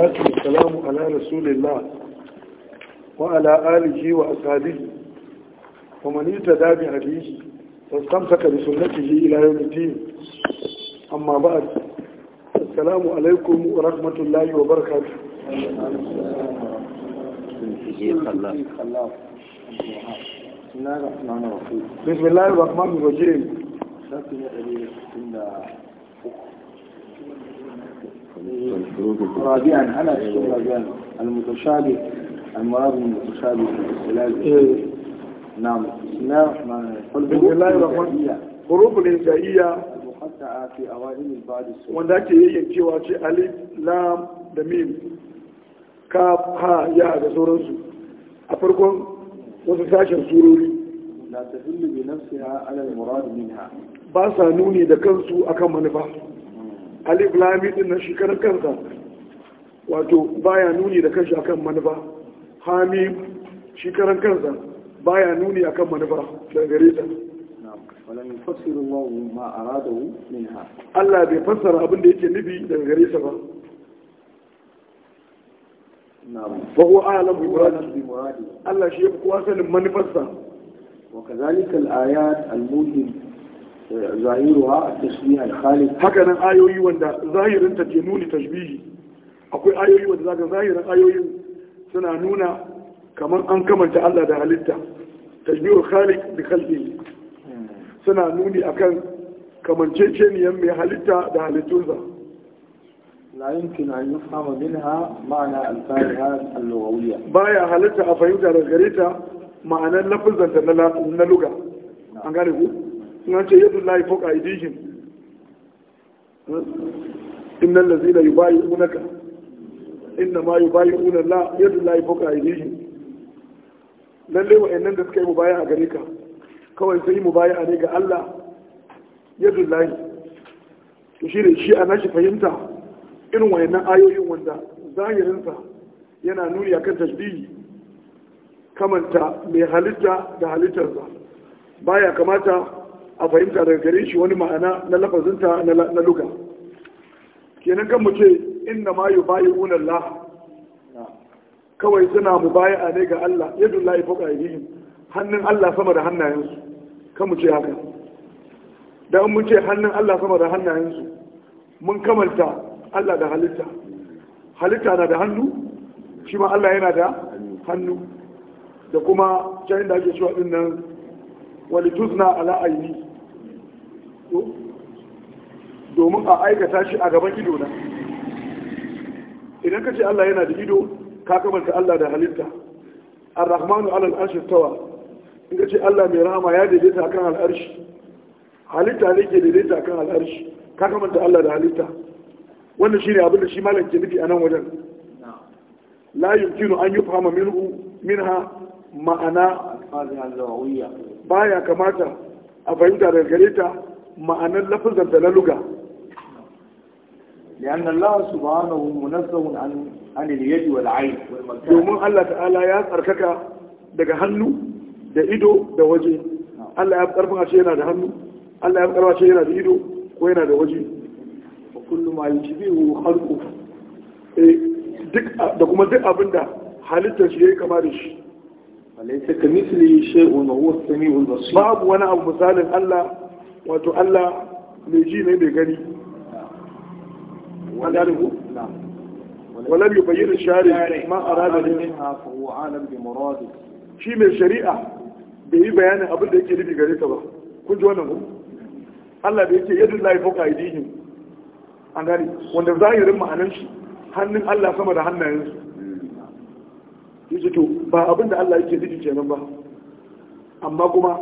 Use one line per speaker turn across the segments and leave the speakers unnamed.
salatu wa salamu ala rasulillah wa ala alihi wa ashabihi wa man yatada bi hadisi wa istamsaka bi sunnatihi ila yawm al-din amma ba'd assalamu alaykum wa rahmatullahi wa barakatuh bismillahir rahmanir رابعا أنا أشكر رابعا المتشابه المراد من المتشابه في نعم بسم الله الرحمن الرحيم بسم الله حروف الهجائية المقطعة في أوائل البعض السورة وذاك يجي واجي ألف لام دميم كاف ها يا da sauransu a farkon wasu sashen surori la tahillu bi nafsiha ala al-murad minha ba alif lami din na shekarar kansa wato baya nuni da kanshi akan manufa hami shekarar kansa baya nuni akan manufa da gare ta Allah bai fassara abin da yake nufi daga gare ta ba فهو أعلم بمراده الله شيء قواسا من منفسه وكذلك الآيات الموهمة zahiruwa a al-khaliq haka nan ayoyi wanda zahirin ta ke nuni tashbihi akwai ayoyi wanda zaka zahirin ayoyin suna nuna kamar an kamanta Allah da halitta tashbihul khaliq bi khalqihi suna nuni akan kamanceceniyan mai halitta da halittunsa la yumkin an yufhama minha ma'ana al-fariha al-lughawiyya baya halitta a fahimta da gareta ma'anar lafazanta na lugha an gane ku sun ce yadda layi fauka a idihim innan da yi bayi unaka inna ma yi bayi unan la yadda layi fauka a idihim lalle wa wa'annan da suka yi mubaya a gare ka kawai sai yi mubaya a ne ga Allah yadda layi to shi da shi a nashi fahimta irin wa'annan ayoyin wanda zahirinsa yana nuni akan tajbihi kamanta mai halitta da halittarsa baya kamata a fahimta daga gare shi wani ma'ana na lafazinta na luga kenan kan mu ce inna ma yu bayi unallah kawai suna mu baya ne ga Allah yadu lahi fuka yihim hannun Allah sama da hannayensu kan mu ce haka dan mun ce hannun Allah sama da hannayensu mun kamanta Allah da halitta halitta na da hannu shi ma Allah yana da hannu da kuma can da ake cewa din nan walituzna ala aini domin a aikata shi a gaban ido na idan ka ce Allah yana da ido ka kamanta Allah da halitta ar-rahmanu ala al-arshi tawa in ka ce Allah mai rahama ya daidaita akan al halitta ne ke daidaita akan al-arshi ka kamanta Allah da halitta wannan shine abin da shi malam ke nufi a nan wajen la yumkinu an yufhama minhu minha ma'ana baya kamata a fahimta daga gareta ma'anar lafazar da na luga لأن الله سبحانه منزه عن عن yadi والعين والمكان Domin Allah Ta'ala ya tsarkaka daga hannu da ido da waje Allah ya karfin a ce yana da hannu Allah ya karfin a ce yana da ido ko yana da waje wa kullu ma yushbihu khalqu eh duk da kuma duk abinda halittar shi yayi kama da shi alaysa kamithlihi shay'un wa huwa as-sami'ul basir babu wani abu misalin Allah wato Allah mai ji ne mai gani wanda ne ku ولم يبين الشارع ما أراد منها فهو عالم بمراده شيء من الشريعة بأي بيان أبدا يكي لبي غريكا با كل جوانا هم الله بيكي يد الله فوق أيديهم an gani wanda zahirin ma'anan shi hannun Allah sama da hannayensu yace to ba abin da Allah yake nufi kenan ba amma kuma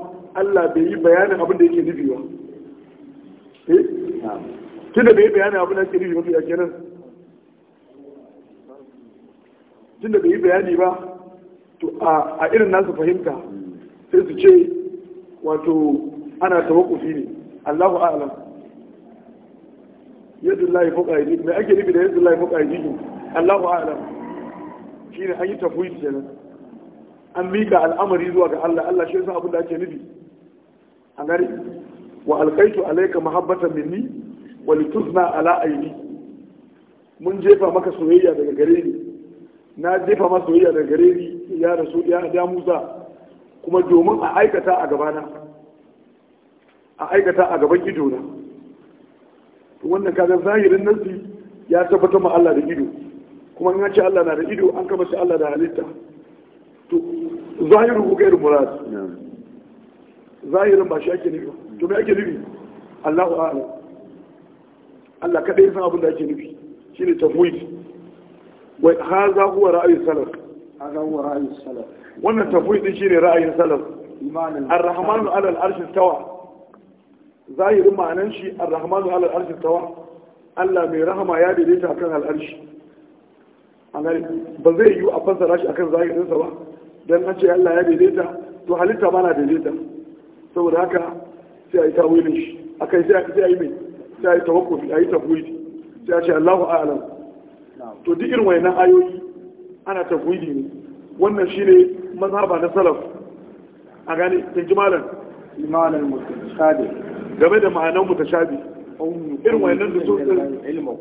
Allah bai yi bayanin abin da yake nufi ba Eh? tunda bai bayani abin da ake nufi mafi a kenan tunda bai bayani ba to a irin nasu fahimta sai su ce wato ana tawakkufi ne Allahu a'lam yadda lai fuka yi mai ake nufi da yadda Allah ya fuka yi Allahu a'lam ne an yi tafwid kenan an mika al'amari zuwa ga Allah Allah shi yasa abin da ake nufi a gari wa alkaitu alaika mahabbatan minni wa lituzna ala aini mun jefa maka soyayya daga gare ni na jefa maka soyayya daga gare ni ya rasu ya ya Musa kuma domin a aikata a gabana a aikata a gaban ido na wannan kaga zahirin nasi ya tabbatar ma Allah da ido kuma in ce Allah na da ido an kama shi Allah da halitta to zahiru gairu murad zahirin ba shi ake nufi to me ake nufi Allahu a'lam Allah kada ya san abin da ake nufi shine tafwid wa hadha huwa ra'ayi salaf hadha huwa ra'ayi salaf wannan tafwid din shine ra'ayin salaf ar-rahman ala al-arsh tawa. zahirin ma'anan shi ar-rahman ala al-arsh istawa Allah mai rahama ya daidaita akan al-arshi ba zai yiwu a fassara shi akan zahirinsa ba dan an ce Allah ya daidaita to halitta ba na daidaita saboda haka sai a yi tawilin shi kai sai a yi mai sai a yi tawakofi a yi tafwidi sai a ce Allahu a'lam to duk irin wayannan ayoyi ana tafwidi ne wannan shine mazhaba na salaf a gane kin ji malam imanan mutashabi game da ma'anan mutashabi irin wayannan da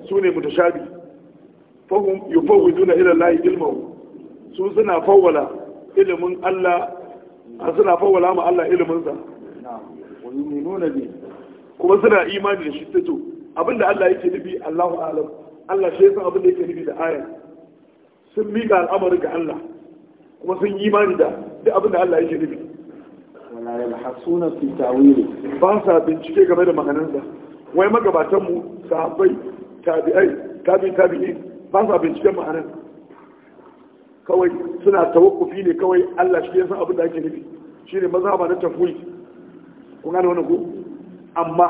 su ne mutashabi fahum duna ila Allah ilmahu su suna fawwala ilimin Allah suna fawwala ma Allah ilimin sa yu'minuna bi kuma suna imani da shi tato abinda Allah yake nufi Allahu alam Allah shi yasa abinda yake nufi da aya sun miƙa al'amari ga Allah kuma sun yi imani da duk abinda Allah yake nufi wala yalhasuna fi tawili ba sa bincike game da ma'anarsa wai magabatan mu sahabbai tabi'ai tabi'in tabi'in ba sa binciken ma'anar kawai suna tawakkufi ne kawai Allah shi yasa abinda yake nufi shine mazhaba na tafwid kun gane wani ku? amma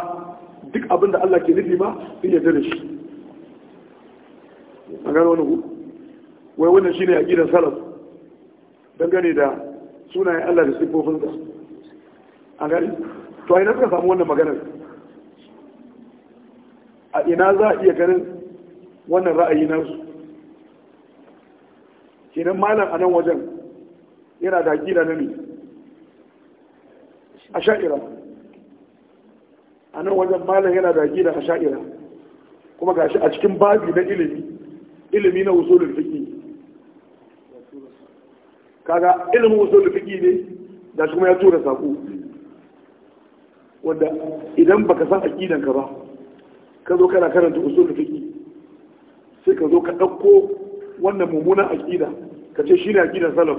duk abin da Allah ke nufi ba sun yadda da shi an gane wani ku? wai wannan a gidan salaf dangane da sunayen Allah da sifofinsa an gane to yi na suka samu wannan maganar a ina za a iya ganin wannan ra'ayi nasu kenan malam a nan wajen yana da gida na ne a sha'ira a nan wajen malam yana da gida a sha'ira kuma gashi a cikin babi na ilimi ilimi na usulul fiki kaga ilimin usulul fiki ne shi kuma ya tura saƙo. wanda idan baka san aqidan ka ba ka zo kana karanta usulul fiki sai ka zo ka ɗauko wannan mummunan aqida ka ce shine aqidan salaf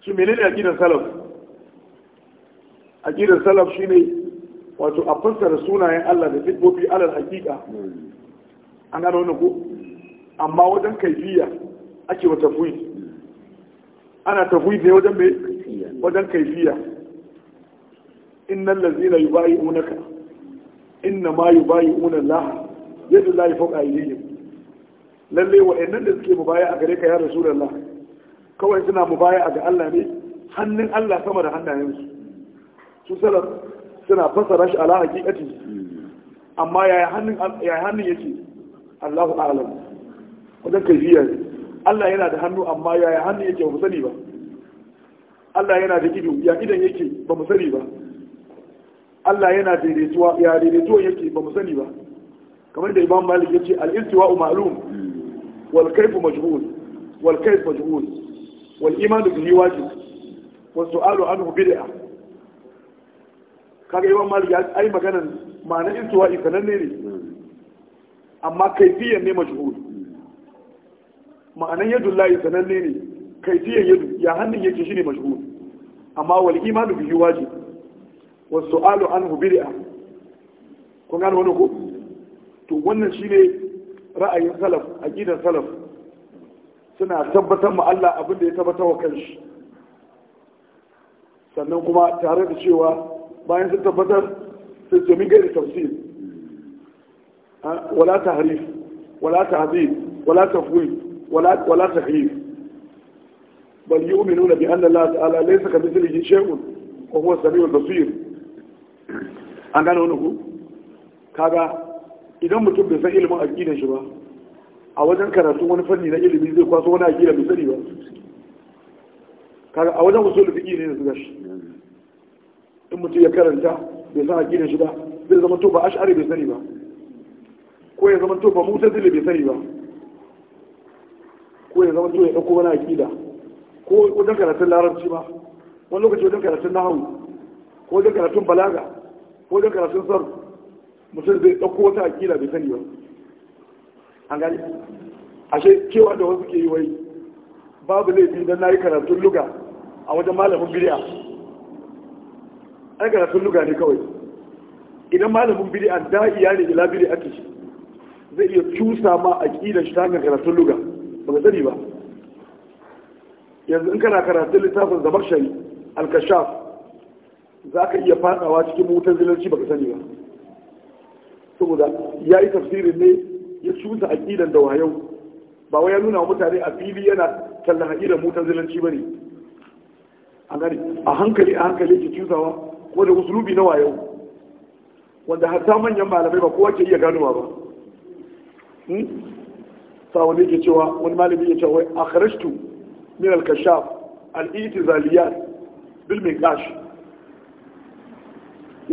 shi menene aqidan salaf aqidar salaf shine wato a fassara sunayen Allah da sifofi alal haqiqa an gano wani ko amma wajen kaifiya ake wa tafwid ana tafwid ne wajen mai wajen kaifiya innal ladzina yubayi'unaka inna ma yubayi'una Allah yadu la yi yi. lalle wa wa'annan da suke mubaya a gare ka ya rasu rasulullah kawai suna mubaya ga Allah ne hannun Allah sama da hannayensu su salaf suna fassara shi ala hakikati amma ya hannun ya hannun yake Allahu a'lam wajen ne. Allah yana da hannu amma ya yi hannun yake ba mu sani ba Allah yana da ido ya idan yake ba mu sani ba Allah yana daidaituwa ya daidaituwa yake ba mu sani ba kamar da Imam Malik yace al-istiwa ma'lum wal kayfu majhul wal kayf majhul wal iman bihi wajib wa su'alu anhu bid'ah kaga imam malik ya ai maganan ma'anar istiwa nan ne amma kaifiyan ne mashhur Ma'anan yadu lahi nan ne kaifiyan yadu ya hannun yake shine mashhur amma wal imanu bihi wajib wa su'alu anhu bid'a kun gane wani ko to wannan shine ra'ayin salaf aqidan salaf suna tabbatar ma Allah abin da ya tabbata wa kanshi sannan kuma tare da cewa bayan sun tabbatar sai domin gari tafsir wala ta harif wala ta tahdid wala ta tafwid wala ta tahrif bal yu'minuna bi ala lai saka laysa kamithlihi shay'un ko kuma sami wa basir an gane wani ku kaga idan mutum bai san ilimin aƙidar shi ba a wajen karatu wani fanni na ilimi zai kwaso wani aƙida bai sani ba kaga a wajen wasu lufi ne da su gashi in mutum ya karanta bai san aƙidar shi ba zai zama to ba ash'ari bai sani ba ko ya zama to ba mutazili bai sani ba ko ya zama to ya ɗauko wani aƙida ko wajen karatun larabci ba wani lokaci wajen karatun nahawu ko wajen karatun balaga ko wajen karatun sar mutum zai ɗauko wata aƙida bai sani ba an gani ashe cewa da wasu ke yi wai babu laifi don na yi karatun luga a wajen malamin biliya ai karatun luga ne kawai idan malamin biri bid'a da'iya ne ila bid'a ta shi zai iya cusa ma a aqidar shi ta hanyar karatun luga ba ka sani ba yanzu in kana karatun littafin zamakshari al-kashaf za ka iya fadawa cikin mutan zilarci ba ka sani ba saboda ya yi tafsirin ne ya cusa a aqidan da wayau ba wai ya nuna wa mutane a fili yana tallan aqidan mutan zilarci ba ne a gani a hankali a hankali yake cusawa ko da usulubi na wayo wanda hatta manyan malamai ba kowa ke iya ganowa ba hmm? sa wani ke cewa wani malami ya cewa wai kharashtu min al-kashaf al-itizaliyat bil Ya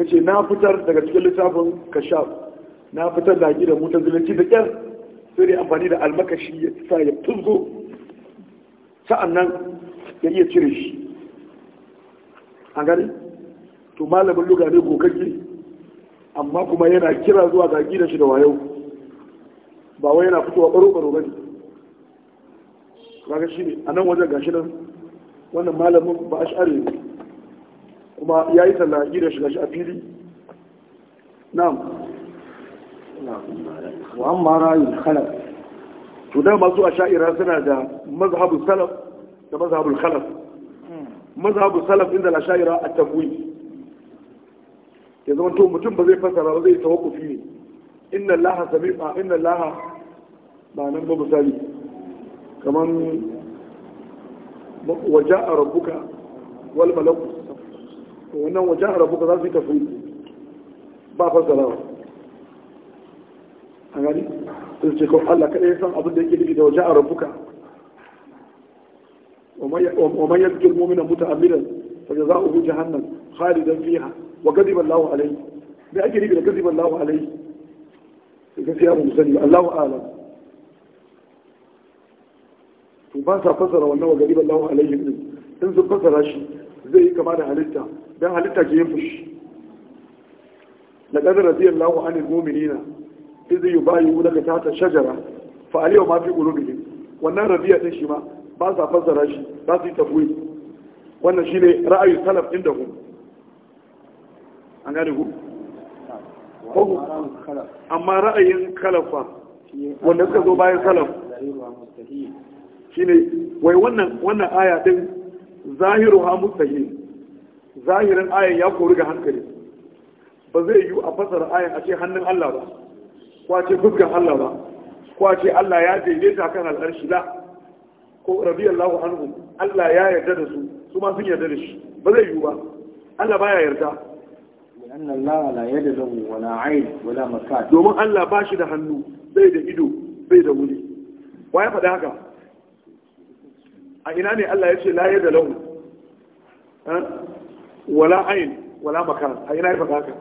yace na fitar daga cikin littafin kashaf na fitar da gidan mutazilanci da kyar sai dai amfani da almakashi ya sa ya tuzgo sa'annan ya iya cire shi an gani to malamin luga ne gogagge amma kuma yana kira zuwa ga gidan shi da wayo ba wai yana fitowa baro baro bane kaga shi ne a nan wajen gashi nan wannan malamin ba ash'ari kuma ya yi talla gidan shi gashi a fili na'am wa amma ra'ayin khalaf to da masu sha'ira suna da mazhabul salaf da mazhabul khalaf hmm. mazhabul salaf inda la sha'ira at-tabwid ya zama to mutum ba zai fasara ba zai tawakkufi ne inna laha sami'a inna laha ba nan ba misali kaman waja a rabbuka wal malaku wannan waja a rabbuka za su yi tafi ba fasara ba a gani sun ce kawai Allah kaɗai san abin da yake nufi da waja a rabbuka wa man yadda mu'mina muta'ammidan فجزاؤه جهنم خالدا فيها وكذب الله عليه بأجل إذا كذب الله عليه كثير مسلم الله أعلم فباسا فصل وأنه كذب الله عليه انزل تنزل فصل زي كمان حلتا ده حلتا جيفش لقد رضي الله عن المؤمنين إذ يبايعوا لك تحت الشجرة فعليهم ما في قلوبهم والنار رضي الله ما فزر فصل هشي تفويض wannan shine ra'ayin salaf inda ku, an gane ku amma ra'ayin kalafa wanda suka zo bayan salaf shine wai wannan wannan aya din zahiru ha mustahil zahirin ayan ya kori ga hankali ba zai yi a fasara ayan a ce hannun Allah ba ko a ce fuskan Allah ba ko a ce Allah ya daidaita kan al'arshi la ko radiyallahu anhu Allah ya yarda da su su ma sun yarda da shi ba zai yiwu ba Allah baya yarda لأن الله لا يد له ولا عين ولا مكان دوم الله باشي ده هنو بي ده إدو ولي ويا فدا هكا أين الله يشي لا يد له ولا عين ولا مكان أين يفدا هكا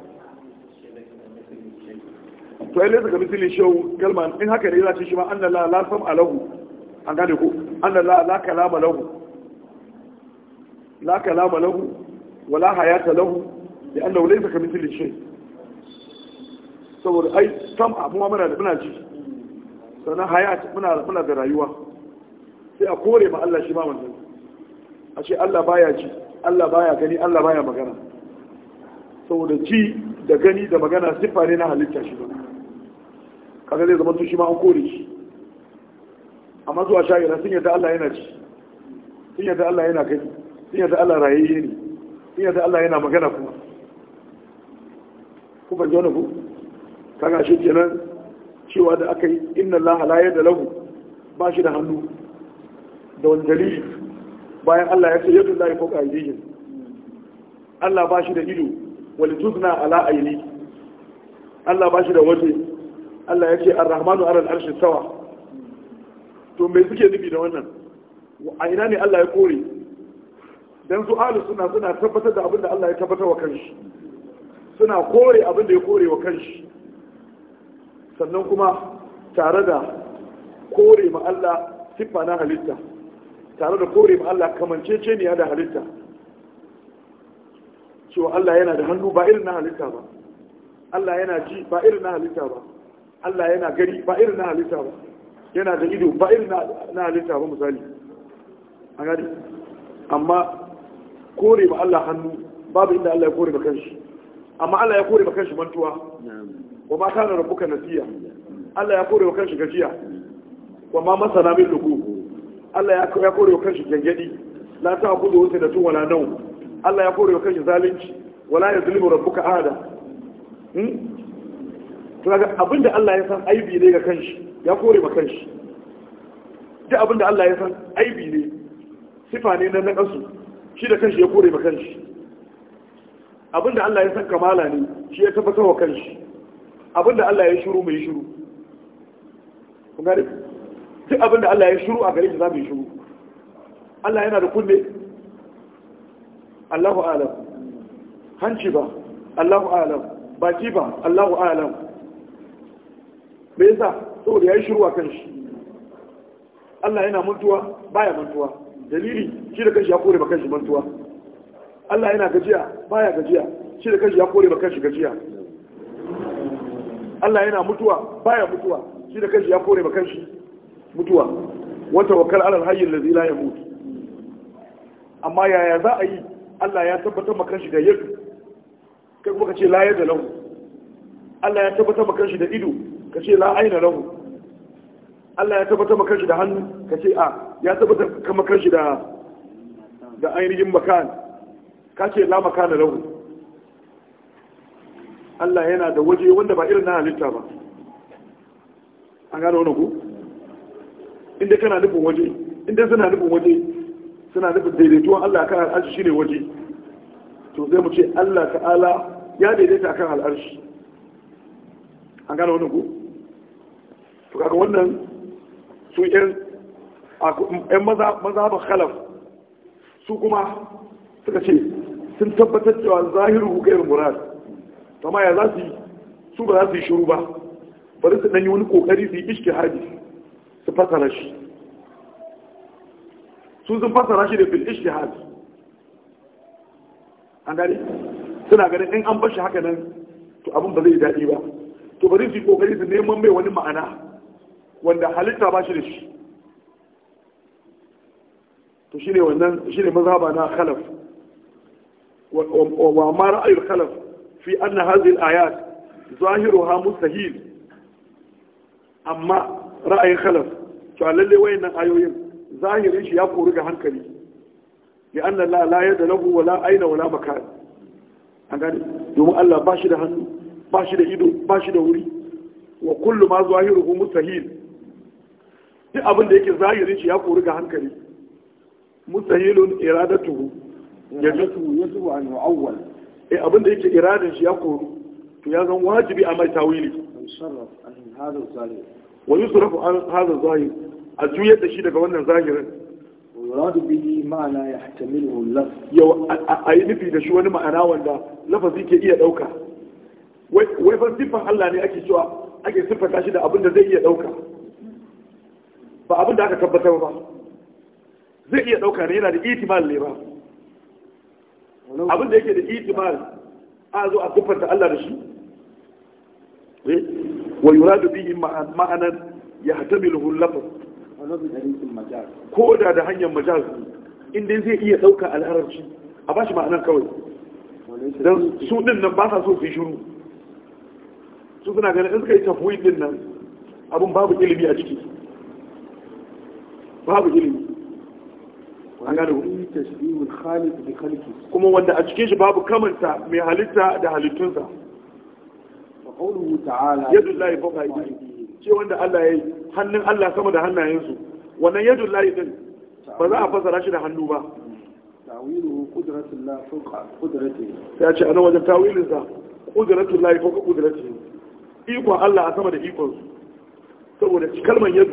to ai laysa kamithli shaw kalman in haka ne za ce shi ma anna la la alahu. an gane ko anna la kalama lahu لا كلام lahu wala hayata lahu لأنه ليس كمثل kamithlihi سوى saboda ai sam'a منا muna da muna ji sannan hayat muna da rayuwa sai a kore ma Allah shi ma wannan a ce Allah baya ji Allah baya gani Allah baya magana saboda da gani da magana kaga zai zama tushima an kore shi amma zuwa shayira sun yadda Allah yana ji sun yadda Allah yana gani sun da Allah rayayye ne sun da Allah yana magana kuma ku ban jona ku kaga shi kenan cewa da aka yi inna Allah la yadda lahu ba shi da hannu da wani dalili bayan Allah ya ce yadda Allah ya fauka ayyukin Allah ba shi da ido wal tuzna ala aini Allah ba shi da waje Allah ya ce arrahmanu ala al-arshi sawa to me suke nufi da wannan a ina ne Allah ya kore dan su ahli suna suna tabbatar da abin da Allah ya tabbatar wa kanshi suna kore abin da ya kore wa kanshi sannan kuma tare da kore ma Allah siffa na halitta tare da kore ma Allah kamancece ne da halitta cewa Allah yana da hannu ba irin na halitta ba Allah yana ji ba irin na halitta ba Allah yana gari ba irin na halitta ba yana da ido ba irin na halitta ba misali a gari amma kore ba Allah hannu babu inda Allah ya kore ba kanshi amma Allah ya kore ba kanshi mantuwa wa ma kana rabbuka nasiya Allah ya kore wa kanshi gajiya wa ma masana min dugu Allah ya kore wa kanshi jangadi la ta'khudhu wa tun wala nawm Allah ya kore wa kanshi zalunci wala yazlimu rabbuka ahada hmm kaga abinda Allah ya san aibi ne ga kanshi ya kore ba kanshi duk abinda Allah ya san aibi ne sifa ne na nakasu shi da kanshi ya kore ba kanshi abinda Allah ya san kamala ne shi ya tabbatar wa kanshi abinda Allah ya shiru mai shiru kun gane duk abinda Allah ya shiru a gare shi za mu shiru Allah yana da kunne Allahu alam hanci ba Allahu alam baki ba Allahu alam me yasa saboda ya yi shiru a kanshi Allah yana mutuwa baya mutuwa dalili shi da kashi ya kore maka mantuwa Allah yana gajiya baya gajiya shi da kashi ya kore maka gajiya Allah yana mutuwa baya mutuwa shi da kashi ya kore maka mutuwa wata wakar alal da zila ya mutu. amma yaya za a yi Allah ya tabbatar makashi shi da yadda kai kuma ka ce la da lahu Allah ya tabbatar makashi da ido ka ce la aina lahu Allah ya tabbatar maka shi da hannu ka ce a ya tabbatar ka maka shi da da ainihin makan ka ce la makana lahu Allah yana da waje wanda ba irin na halitta ba an gano wani ku inda kana nufin waje inda suna nufin waje suna nufin daidaituwan Allah kan al'arshi shine waje to zai mu ce Allah ta'ala ya daidaita kan al'arshi an gano wani ku to kaga wannan su yan ba khalaf su kuma suka ce sun tabbatar cewa zahiru hukayar murad amma ya za su yi su ba za su yi shiru ba bari su ɗanyi wani ƙoƙari su yi haji su fasara shi su sun fasara shi da fil haji an gani suna ganin in an bashi haka nan to abin ba zai daɗi ba to bari su yi ƙoƙari su neman mai wani ma'ana wanda halitta ba shi da shi to shi ne wannan shi ne mazhaba na khalaf wa ma ra'ayul khalaf fi anna hadhihi al-ayat zahiruha mustahil amma ra'ayin khalaf to lalle wayannan ayoyin zahirin shi ya kori ga hankali bi anna la la yada lahu wala aina wala makan an gani domin Allah ba shi da hannu ba shi da ido ba shi da wuri wa kullu ma zahiruhu mustahil duk abin da yake zahirin shi ya kori ga hankali mustahilun iradatuhu ya jatu ya zuwa an awwal eh abin da yake iradin shi ya kori to ya zan wajibi a mai tawili wa yusrafu an hadha zahir a juyar da shi daga wannan zahirin yuradu bihi ma'ana yahtamiluhu lafz yau a yi nufi da shi wani ma'ana wanda lafazi ke iya dauka wai fa siffan Allah ne ake cewa ake shi da abin da zai iya dauka ba abin da aka tabbatar ba zai iya ɗauka ne yana da itimal ne ba abin da yake da itimal a zo a kufanta Allah da shi eh? wa yuradu bihi ma'anan yahtamiluhu lafz ko da da hanyar majaz inda zai iya ɗauka alhararci a ba shi ma'anar kawai don su ɗin nan ba sa so su shiru. shuru su suna ganin in suka yi tafiyin ɗin nan abin babu ilimi a ciki babu ilimi wani da kuma wanda a cikin shi babu kamanta mai halitta da halittunsa yadda layi fauka idi ce wanda Allah ya yi hannun Allah sama da hannayensu wannan yadda layi din ba za a fasara shi da hannu ba ya ce a nan wajen tawilinsa kudurattun layi ko ka kuduratun ikon Allah a sama da ikonsu saboda kalmar yadda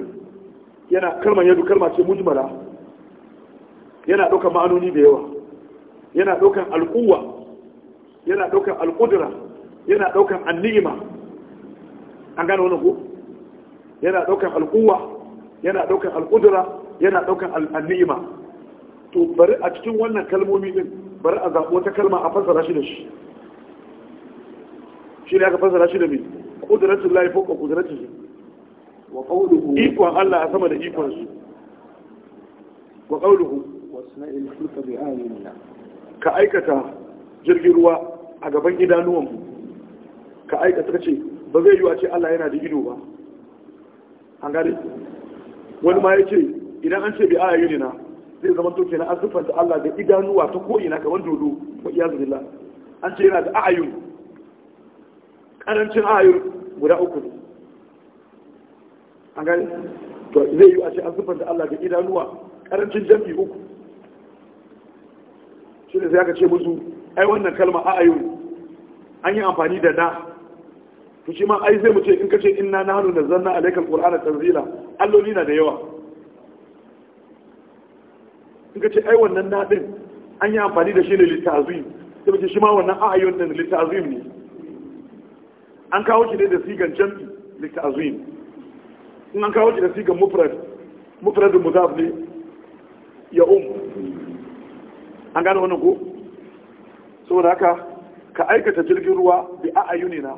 yana kalmar yadu kalma ce mujmala yana ɗaukar ma'anoni da yawa yana ɗaukar al'uwa yana ɗaukar al'udura yana ɗaukar anni'ima an gane wani ku yana ɗaukar al'uwa yana ɗaukar al'udura yana ɗaukar anni'ima to bari a cikin wannan kalmomi din bari a zaɓo ta kalma a fassara shi da shi shi ne aka fassara shi da mai ƙudurattun ƙudurancin shi? wa qawluhu ikon Allah a sama da ikon su wa qawluhu wasna'il ka aikata jirgin ruwa a gaban idanuwan ka aikata ka ce ba zai yi wa ce Allah yana da ido ba an gane wani ma ya ce idan an ce bi ayunina zai zama to na an sifanta Allah da idanuwa ta ko ina kamar dodo wa iyazu billah an ce yana da ayun karancin ayun guda uku ne an gani to zai yi a ce an da Allah da idanuwa karancin jam'i uku shi ne zai aka ce musu ai wannan kalma a ayu an yi amfani da na to shi ma ai zai mu ce in ka ce inna nahnu nazzalna alaykal qur'ana tanzila alloli na da yawa in ka ce ai wannan na din an yi amfani da shi ne litazim sai mace shi ma wannan a ayun din litazim ne an kawo shi ne da sigan jam'i litazim in an kawo shi da sigan mufrad mufradin muzaf ne ya um an gane wannan ko saboda haka ka aikata jirgin ruwa bi a ayunina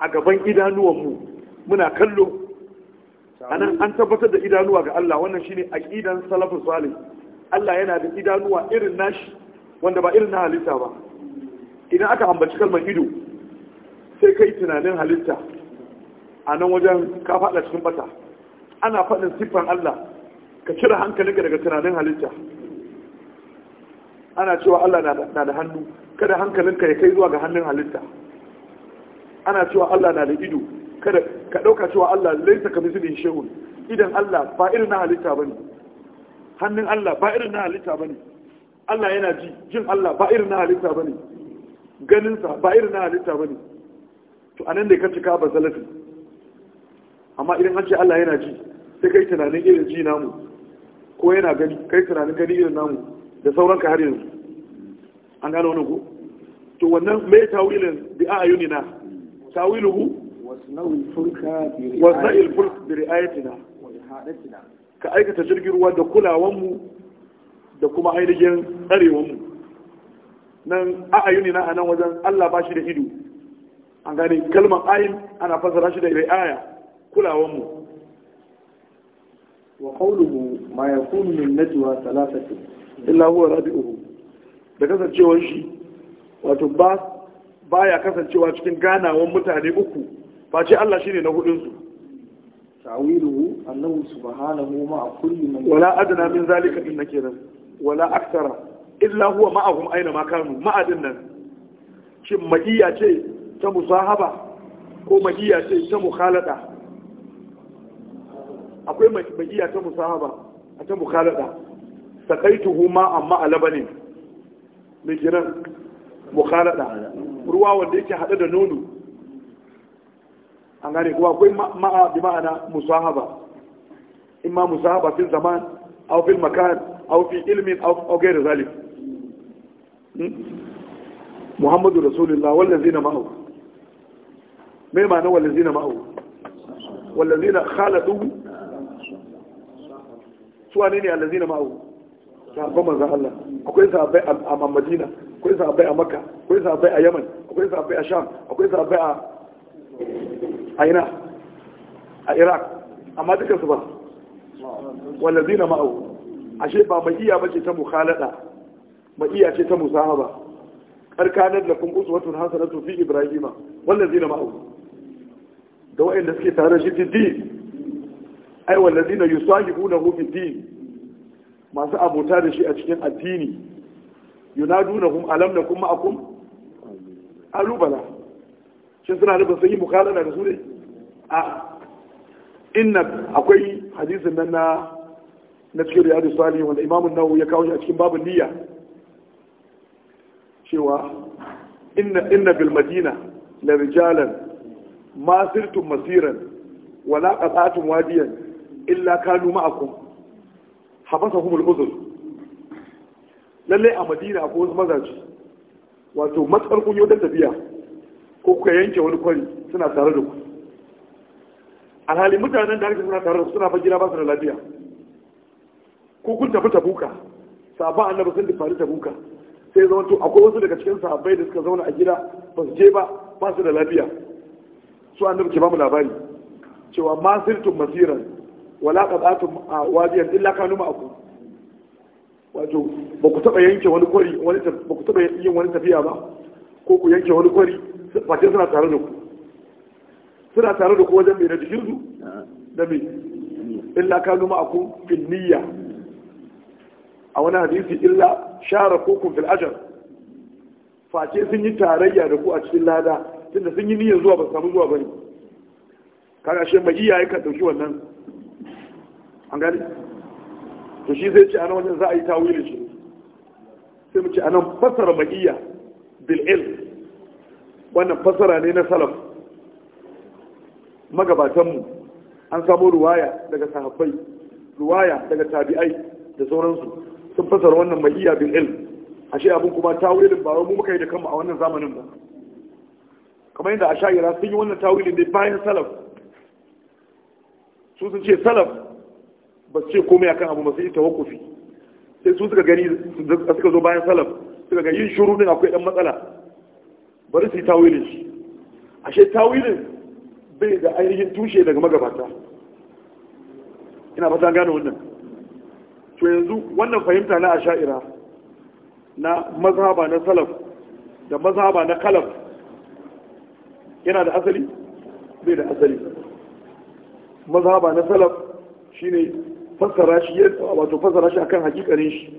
a gaban mu muna kallo anan an tabbatar da idanuwa ga Allah wannan shine aqidan salafus salih Allah yana da idanuwa irin nashi wanda ba irin na halitta ba idan aka ambaci kalmar ido sai kai tunanin halitta a nan wajen ka faɗa cikin bata ana faɗin siffan Allah ka cire ka daga tunanin halitta ana cewa Allah na da hannu kada hankalinka ya kai zuwa ga hannun halitta ana cewa Allah na da ido kada ka ɗauka cewa Allah laisa ka misilin shehun idan Allah ba irin na halitta bane hannun Allah ba irin na halitta bane Allah yana ji jin Allah ba irin na halitta bane ganinsa ba irin na halitta bane to anan da ka cika ba salafi amma idan an ce Allah yana ji sai kai tunanin irin ji namu ko yana gani kai tunanin gani irin namu da sauran ka har yanzu an gano wani ku to wannan mai tawilin bi a ayunina tawiluhu na'il fulk bi ri'ayatina ka aikata jirgin ruwa da kulawanmu da kuma ainihin tsarewanmu nan a na a nan wajen Allah ba shi da ido an gane kalmar ayin ana fasara shi da ri'aya kulawanmu wa qawluhu ma yakunu min najwa thalathati illa huwa rabi'uhu da kasancewar shi wato ba baya kasancewa cikin ganawan mutane uku face Allah shine na hudun su ta'wiluhu annahu subhanahu a kulli man wala adna min zalika inna kiran wala akthara illa huwa ma'ahum aina ma kanu ma'adin nan shin magiya ce ta musahaba ko magiya ce ta mukhalada akwai mai magiya ta musahaba a ta mukhalada saqaituhu ma amma alabanin mai kiran mukhalada ruwa wanda yake hada da nono an gane kuma akwai ma'a bi ma'ana musahaba imma musahaba fil zaman aw fil makan aw fi ilmin aw ghayr zalik hmm? muhammadu rasulullah wallazina ma'ahu mai ma'ana wallazina ma'ahu wallazina khaladu Suwa ne ne a lazina ma'ahu sahabban manzon Allah akwai sahabbai a Mamadina. akwai sahabbai a Makka akwai sahabbai a Yaman akwai sahabbai a Sham akwai sahabbai a Aina a Iraq amma dukan su ba wallazina ma'ahu ashe ba mai iya bace ta mukhalada mai iya ce ta musahaba karkanar da kun uswatun hasanatu fi ibrahima wallazina ma'ahu da wa'anda suke tare shi diddi ai wallazina yusahibunahu fi din masu abota da shi a cikin addini yunadunahum alam nakum ma'akum alubala shin suna nufin sun yi mukhalala da su ne a inna akwai hadisin nan na na cikin riyadu Salihu wanda imamun nawo ya kawo shi a cikin babu niyya cewa inna bil madina la rijalan ma sirtum masiran wala qata'tum wadiyan illa kanu ma'akum habasahum al-uzr lalle a madina ko wasu mazaji wato matsar kun yau da tafiya ko kuka yanke wani kwari suna tare da ku alhali mutanen da harkar suna tare da ku suna fajira ba su da lafiya ko kun tafi tabuka sabon annabi sun tafi tabuka sai zama to akwai wasu daga cikin sahabbai da suka zauna a gida ba su je ba ba su da lafiya su annabi ke ba mu labari cewa masirtum masiran wala ka a wajen illa kanu ma'akum wato ba ku taba yanke wani kwari wani ba ku taba yin wani tafiya ba ko ku yanke wani kwari face suna tare da ku suna tare da ku wajen mai na jikin su da mai illa kanu ma'akum fil niyya a wani hadisi illa ko kokun fil ajr face sun yi tarayya da ku a cikin lada tunda sun yi niyyar zuwa ba samu zuwa bane kaga shi mai iyaye ka dauki wannan an gani to shi zai ce a nan wajen za a yi tawilin shi sai mu ce a nan fasara ma'iyya bil'il wannan fasara ne na salaf magabatanmu an samo ruwaya daga sahabbai ruwaya daga tabi'ai da sauransu sun fasara wannan ma'iyya bil'il ashe abin kuma tawilin ba mu muka yi da kanmu a wannan zamanin ba kamar yadda a sha'ira sun yi wannan tawilin ne bayan salaf su sun ce salaf ba su ce komai akan abu ba ita wakufi sai su suka gani suka zo bayan salaf suka gani yin shuru din akwai dan matsala bari su yi tawilin shi ashe tawilin bai da ainihin tushe daga magabata ina fata gane wannan to yanzu wannan fahimta na asha'ira na mazhaba na salaf da mazhaba na kalaf yana da asali bai da asali mazhaba na salaf shine fassara shi wato fassara shi akan hakikarin shi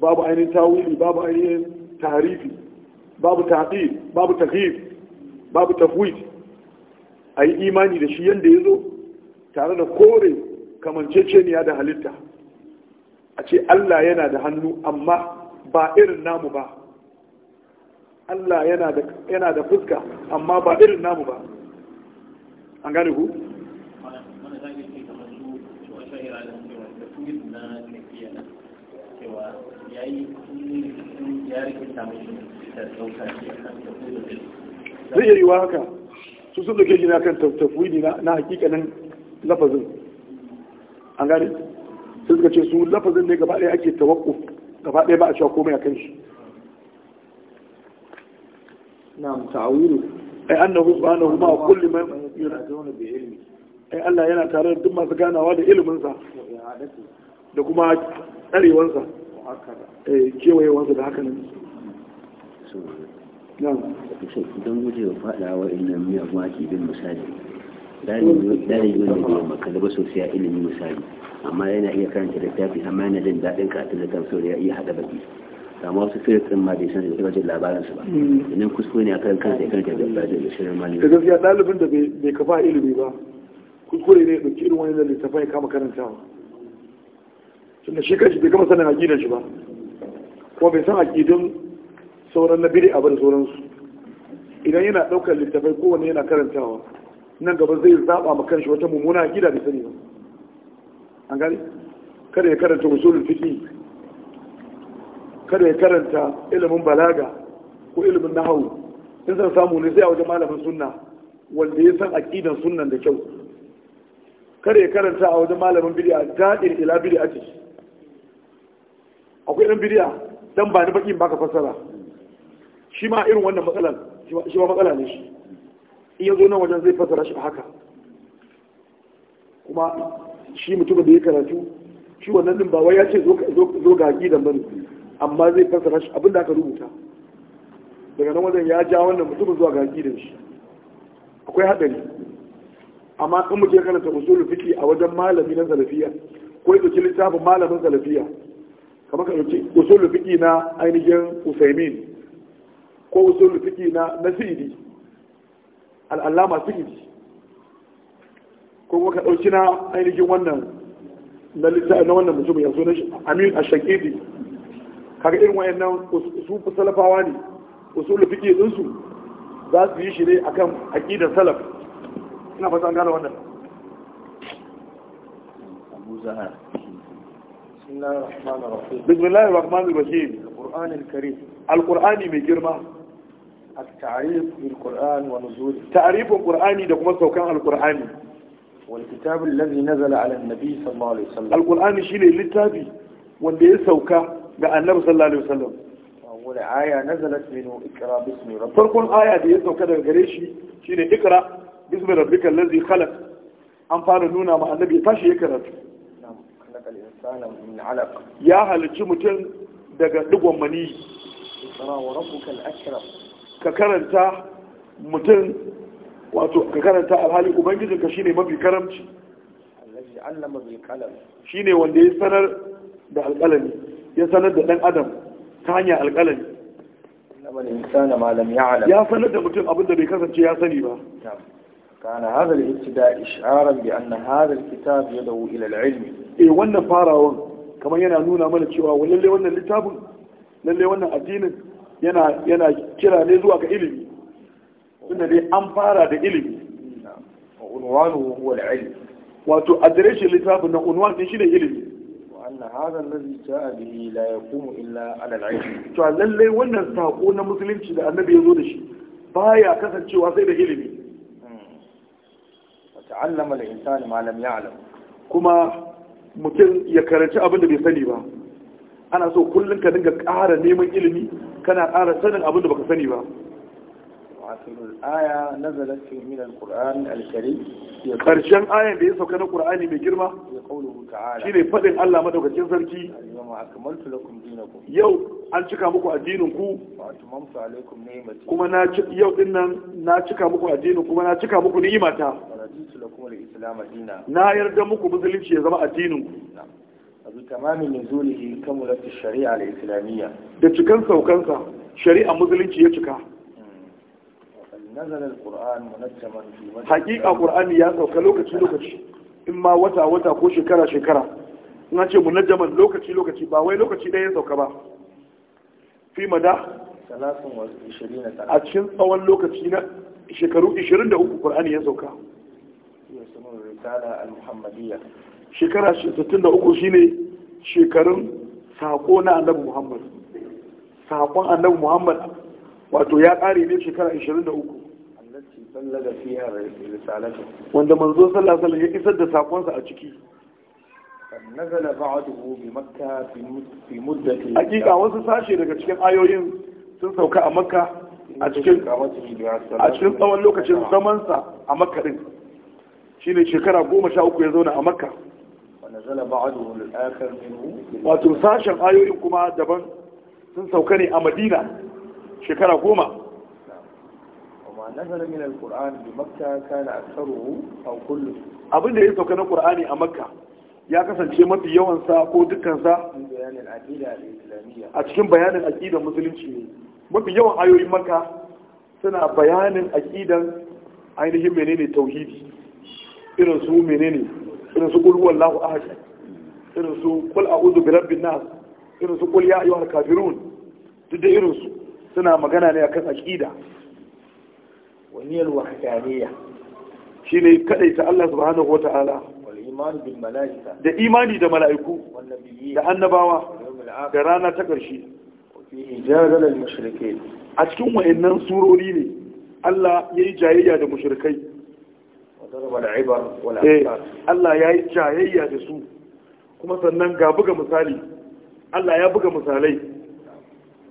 babu ainihin tawili babu ainihin tarifi babu ta'dil babu tafiye babu tafwid a yi imani da shi yadda ya zo tare da kore kamanceceniya da halitta a ce Allah yana da hannu amma ba irin namu ba Allah yana da fuska amma ba irin namu ba an gane ku zai iya wa haka su sun dauke shi kan kan ne na hakikanin lafazin an gane sun suka ce su lafazin ne gaba ɗaya ake tawakku gaba ɗaya ba a cewa komai a kan shi na ta'awilu ai annahu subhanahu ma kulli man yuraduna bi ilmi ai Allah yana tare da duk masu ganawa da iliminsa da kuma tsarewarsa Eh, kewayewarsa da haka nan don guje wa faɗa wa ilimin miyagun bin misali dalibin da bai makalla ba sosai a ilimi misali amma yana iya karanta littafi amma yana jin daɗin karatun littafi sau da ya iya haɗa baki amma wasu fiye tsin ma bai san da wajen labaransu ba hmm. idan kuskure ne a kan kansa ya karanta da labarin da shirin mali da gaskiya dalibin da bai kafa ilimi ba kuskure ne ya ke irin wani da littafai kama karantawa tunda shi kanshi bai gama sanin aƙidar shi ba kuma bai san aƙidun sauran na biri bar sauransu idan yana ɗaukar littafai kowane yana karantawa nan gaba zai zaɓa ma kanshi wata mummuna aƙida bai sani ba an gani kada ya karanta usulul fiqi kada ya karanta ilimin balaga ko ilimin nahawu in san samu ne sai a wajen malamin sunna wanda ya san aƙidan sunnan da kyau kada ya karanta a wajen malamin bid'a dadir ila bid'ati akwai ɗan bidiya dan ba ni bakin baka fassara shi ma irin wannan matsalar shi ma matsala ne shi in ya zo nan wajen zai fassara shi a haka kuma shi mutum da ya karatu shi wannan ɗin ba wai ya ce zo ga da bane amma zai fassara shi abinda aka rubuta daga nan wajen ya ja wannan mutumin zuwa ga da shi akwai haɗari amma in mutum ya karanta usulul fiqh a wajen malami na salafiya ko ya dauki littafin malamin salafiya kamar ka ɗauki usulul fiqi na ainihin usaimin ko usulul fiqi na nasidi al'allama sidi ko kuma ka ɗauki na ainihin wannan na littafi na wannan mutum yanzu na amin ashakidi kaga irin nan su salafawa ne usulul fiqi ɗinsu za su yi shi ne akan aƙidar salaf ina fata an gane wannan Abu Zahar bismillahir rahmanir rahim alqur'anil karim alqur'ani mai girma التعريف بالقرآن ونزوله تعريف القرآن ده كما سوكان القرآن والكتاب الذي نزل على النبي صلى الله عليه وسلم القرآن للتابي wanda ya sauka ga annabi sallallahu alaihi wasallam wala aya aya da ya sauka daga gare shi shine ikra bismi rabbika allazi khalaq an fara nuna ma annabi tashi ya karatu ya halici mutum daga digon mani ka karanta mutum wato ka karanta alhali ka shine mafi karamci shine wanda ya sanar da alkalami ya sanar da ɗan adam ta hanyar alkalami ya sanar da mutum abinda bai kasance ya sani ba كان هذا الابتداء إشعارا بأن هذا الكتاب يدعو إلى العلم إيه وانا فارا كما ينا نونا من الشواء وللي وانا الكتاب للي وانا الدين ينا ينا كلا نزوى كإلمي وانا دي أنفارا دي إلمي وعنوانه هو العلم واتو أدريش الكتاب أن عنوان تشيني إلمي وأن هذا الذي جاء به لا يقوم إلا على العلم تو للي وانا ساقونا مسلمش لأن النبي يزودش baya kasancewa sai da ilimi ta'allama al insani ma lam ya'lam kuma mutum ya karanci abin da bai sani ba ana so kullum ka dinga ƙara neman ilimi kana ƙara sanin abin da baka sani ba آخر الآية نزلت في من القرآن الكريم karshen ayan da ya sauka na Qur'ani mai girma shine faɗin Allah madaukakin sarki yau an cika muku addinin ku kuma na yau din nan na cika muku addinin kuma na cika muku ni'imata na yarda muku musulunci ya zama addinin ku بتمام نزوله كملت الشريعة da cikan saukansa shari'a musulunci ya cika haƙiƙa ƙur'ani ya sauka lokaci lokaci in ma wata wata ko shekara shekara in an ce munajjaman lokaci lokaci ba wai lokaci ɗaya ya sauka ba fi mada a cikin tsawon lokaci na shekaru 23 ƙur'ani ya sauka shekara 63 shine shekarun saƙo na annabi muhammad saƙon annabi muhammad wato ya ƙare ne shekara 23 wanda manzo sallallahu alaihi ya isar da sakonsa a ciki nazala ba'dahu bi makka fi muddati hakika wasu sashe daga cikin ayoyin sun sauka a makka a cikin a cikin tsawon lokacin zamansa a makka din shine shekara goma sha uku ya zauna a makka wato sashen ayoyin kuma daban sun sauka ne a madina shekara goma nazara min alquran bi makka kana aktharuhu aw kullu abin da ya sauka na qur'ani a makka ya kasance mafi yawan sa ko dukkan sa a cikin bayanin aqida musulunci ne mafi yawan ayoyin makka suna bayanin aqidan ainihin menene tauhidi irin su menene irin su qul huwallahu ahad irin su qul a'udhu bi rabbin nas irin su qul ya ayyuhal kafirun duk da irin su suna magana ne akan aqida waniyar wahadaniya shi ne ta Allah subhanahu wa ta'ala da imani da mala'iku da annabawa da rana ta ƙarshe a cikin wa'annan surori ne Allah ya yi jayayya da mushrikai eh, Allah ya yi jayayya da su kuma sannan ga buga misali Allah ya buga misalai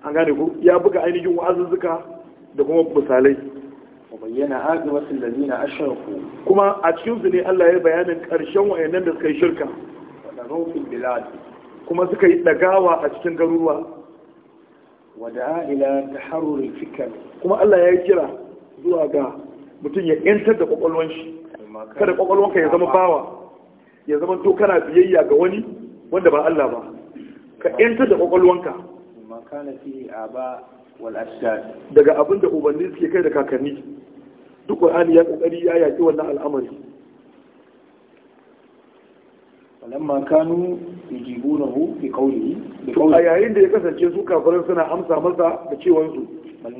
an gane ku ya buga ainihin wa'azuzzuka da kuma misalai bayyana aqibatul ladina ashraku kuma a cikin su ne Allah ya bayanin karshen wayannan da suka yi shirka wadannan fil bilad kuma suka yi dagawa a cikin garuruwa wada'a ila taharrur fikr kuma Allah ya kira zuwa ga mutum ya yantar da kwakwalwan kada kwakwalwanka ya zama bawa ya zama to kana biyayya ga wani wanda ba Allah ba ka yantar da kwakwalwanka daga abinda ubanni suke kai da kakanni duk qur'ani ya kokari ya yaki wannan al'amari walamma kanu yujibunahu bi qawlihi bi qawlihi a yayin da ya kasance su kafirin suna amsa masa da cewan su bal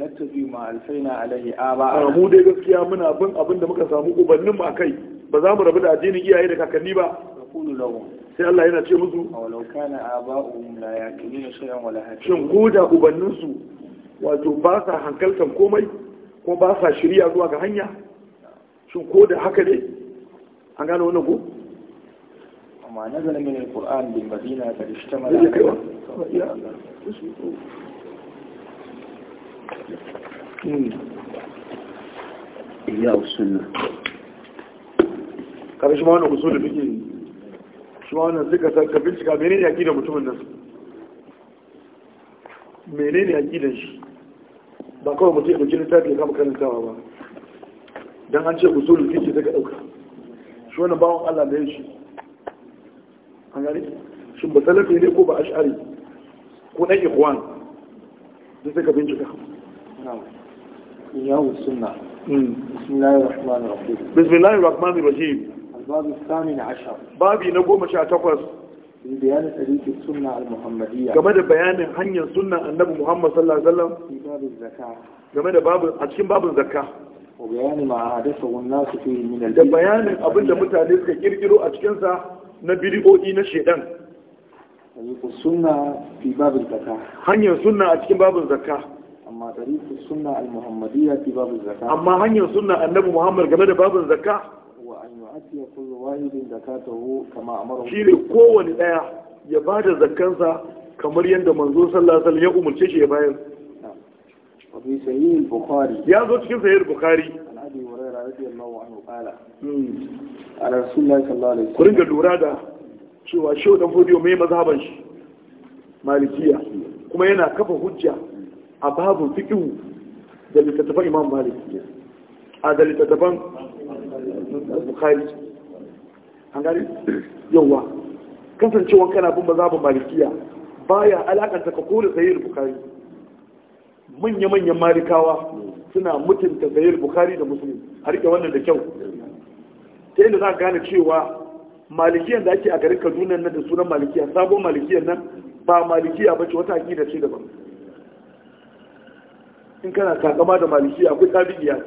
ma alfaina alaihi aba mu dai gaskiya muna bin abin da muka samu ubannin mu akai ba za mu rabu da ajini iyaye da kakanni ba sai Allah yana ce musu walau kana aba'uhum la yaqiluna shay'an wala hakim shin ko da ubannin su wato ba sa hankaltan komai Kuma ba sa shirya zuwa ga hanya shin ko da haka ne an gano wani ko amma zane mini alquran bil madina da ishtamala ya usunna kare shi ma wani usul da kike shi ma wani zika ta ka bincika menene yaki da mutumin nan menene yaki da shi ba kawai mutum ɗauki littafi ya kama karantawa ba don an ce usulul fiqh daga ɗauka shi wani bawon Allah da shi an gani shi ba salafi ne ko ba ash'ari ko ɗan ikhwan duk suka bincika ya sunna bismillahir rahmanir babu na goma sha takwas بيان طريق السنة المحمدية كما ده بيان هنيا سنة النبي محمد صلى الله عليه وسلم في باب الزكاة كما ده باب أتشين باب الزكاة وبيان ما حدثه الناس فيه من البيت ده بيان أبن ده متعليز كيرجلو أتشين سا نبيري أو إينا شيطان طريق السنة في باب الزكاة هنيا سنة أتشين باب الزكاة أما طريق السنة المحمدية في باب الزكاة أما هنيا سنة النبي محمد كما ده باب الزكاة an yu'ati kullu wahidin kama amara shine kowanne daya ya ba da zakkansa kamar yadda manzo sallallahu alaihi wasallam ya umurce shi ya bayar Ya zo البخاري يا Bukhari. كيف سيد البخاري عن ابي cewa shi dan fodiyo mai mazhaban shi malikiya kuma yana kafa hujja a babu da littattafan imam malik a da littattafan bukhari an gari yawa kasancewa kana bin mazhabin malikiya baya alakanta ka kore sayyid bukhari manya-manyan malikawa suna mutunta sayyid bukhari da muslim a rike wannan da kyau ta yadda za ka gane cewa malikiyan da ake a garin kaduna nan da sunan malikiya sabon malikiyan nan ba malikiya ba ce wata aƙida ce daban in kana kakama da malikiya akwai tabi'iya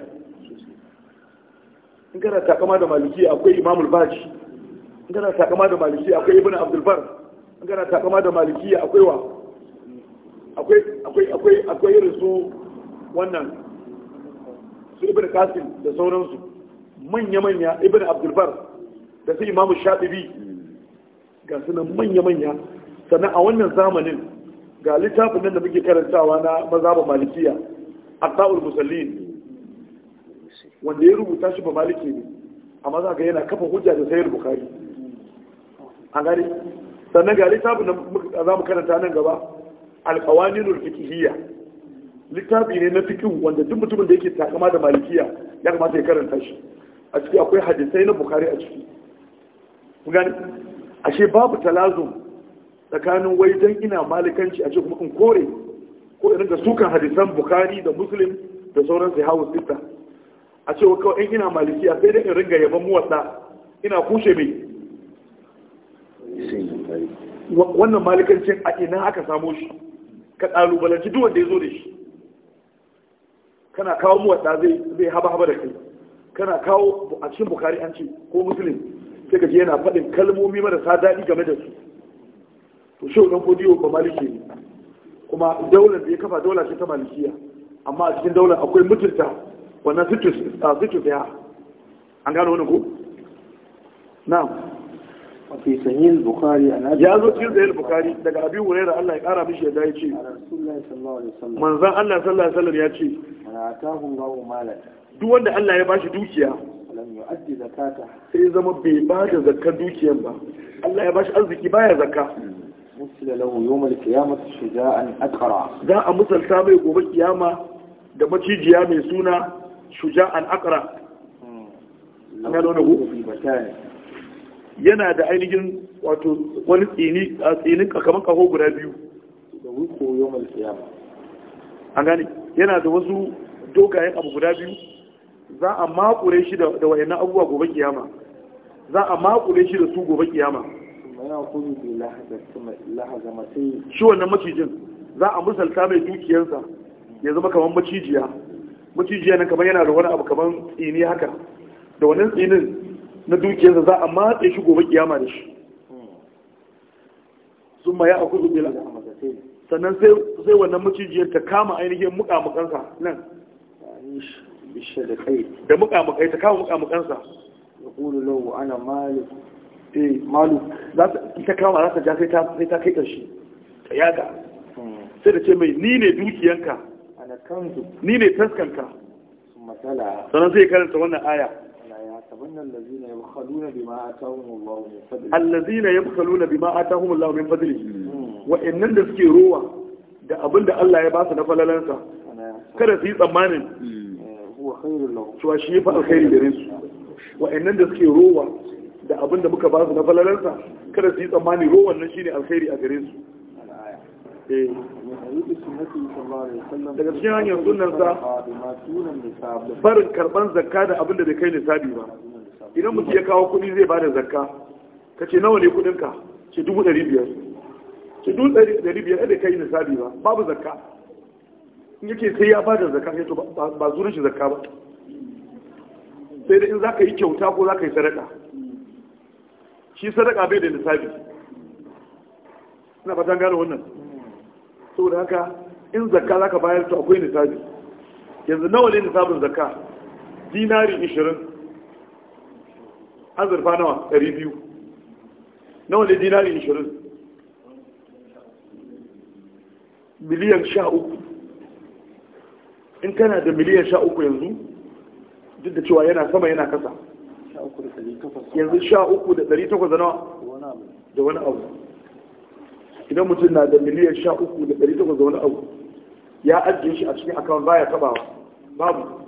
in gana takama da maliki akwai imamul baji in gana takama da maliki akwai ibn abdul bar in gana takama da maliki akwai wa akwai akwai akwai akwai irin su wannan su ibn kasim da sauransu manya manya ibn abdul bar da su imamu shafi'i ga nan manya manya sannan a wannan zamanin ga littafin nan da muke karantawa na mazhabin malikiya aqtaul musallin wanda ya rubuta shi ba maliki ne amma za ga yana kafa hujja da sayar bukari a gari sannan ga littafi da za mu karanta nan gaba alkawaninul fikihiyya littafi ne na fikin wanda duk mutumin da yake takama da malikiya ya kamata ya karanta shi a ciki akwai hadisai na bukari a ciki gani ashe babu talazum tsakanin wai dan ina malikanci a cikin kuma in kore ko irin ga sukan hadisan bukari da muslim da sauran sai hawa sita a cewa kawai ina malikiya sai dai in ringa yaban muwatsa ina kushe mai wannan malikancin a ina aka samo shi ka ƙalubalanci duk wanda ya zo da shi kana kawo muwatsa zai haba haba da kai kana kawo a cikin bukari an ce ko musulun sai ka ji yana faɗin kalmomi marasa daɗi game da su to shi ɗan kodiyo ba maliki ne kuma daular da ya kafa daular shi ta malikiya amma a cikin daular akwai mutunta wannan sutu ah, ya? an gano wani ku? na'am bukari a bukhari ya zo cikin sahih bukari daga abin wuri da Allah ya kara mishi ya ya ce Manzan Allah sallallahu alaihi wasallam ya ce duk wanda Allah ya bashi dukiya sai zama bai ba da zakar dukiyan ba Allah ya bashi arziki baya zakka musila lahu yawmal qiyamati za a musalta mai gobe kiyama da macijiya mai suna shuja al-aqra yana da ainihin wato wani tsini a tsinin kamar kaho guda biyu da wuko yawmal qiyama an gane yana da wasu dogayen abu guda biyu za a makure shi da wayannan abubuwa gobe kiyama za a makure shi da su gobe kiyama shi wannan macijin za a musalta mai dukiyarsa ya zama kamar macijiya mucijiya nan kamar yana da wani abu kamar tsini haka da wani tsinin na dukiyarsa za a matse shi gobe kiyama da shi sun ma ya a kudu bila sannan sai wannan macijiyar ta kama ainihin mukamukansa nan da mukamukai ta kama mukamukansa ya kulu lau ana eh malu ita kama za ta ja sai ta kai ƙarshe ta yaga hmm. sai da ce mai ni ne dukiyanka ni ne taskanka sannan sai karanta wannan aya allazina yabkhaluna bima atahum Allah min fadlihi hmm. wa'annan da suke rowa da abinda Allah ya ba su na falalansa kada su yi tsammanin eh, cewa shi ya fi alkhairi gare su wa'annan da suke rowa da abinda muka ba su na falalansa kada su yi tsammanin rowan nan ne alkhairi a gare su daga cikin hanyar sa barin karban zakka da abin da bai kai nisabi ba idan mutu ya kawo kuɗi zai bada zakka ka ce nawa ne kuɗinka ce dubu ɗari biyar ce dubu ɗari biyar da kai nisabi ba babu zakka in yake sai ya bada zakka ya to ba zurin shi zakka ba sai da in za ka yi kyauta ko za ka yi sadaka shi sadaka bai da nisabi ina fatan gane wannan saboda haka in zakka za ka bayar to akwai nisabi yanzu nawa ne nisabin zakka dinari 20 azurfa nawa 200 nawa ne dinari 20 miliyan 13 in kana da miliyan 13 yanzu duk da cewa yana sama yana kasa yanzu 13 da 800 da da wani abu idan mutum na da miliyan sha uku da ɗari takwas da wani abu ya ajiye shi a cikin akawun baya taɓawa babu